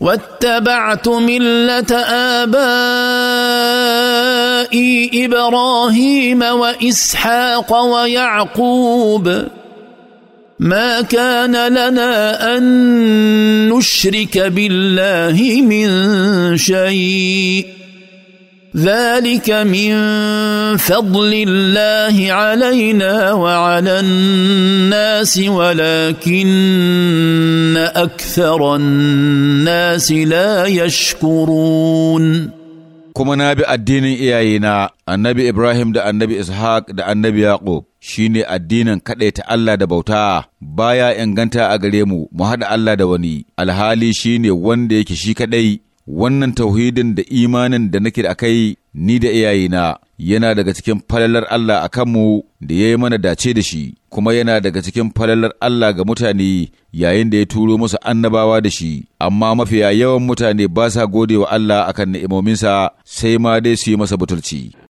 واتبعت مله ابائي ابراهيم واسحاق ويعقوب ما كان لنا ان نشرك بالله من شيء ذلك من فضل الله علينا وعلى الناس ولكن اكثر الناس لا يشكرون kuma na bi addinin iyayena annabi Ibrahim da annabi Ishaq da annabi Yaqub shine addinin kaɗaita Allah da bauta baya inganta a gare mu mu haɗa Allah da wani alhali shine wanda yake shi kaɗai wannan tauhidin da imanin da nake da akai ni da iyayena yana daga cikin falalar Allah a kanmu da ya yi mana dace da shi, kuma yana daga cikin falalar Allah ga mutane yayin da ya turo musu annabawa da shi, amma mafiya yawan mutane ba sa gode wa Allah akan ni'imominsa sai ma dai su yi masa butulci.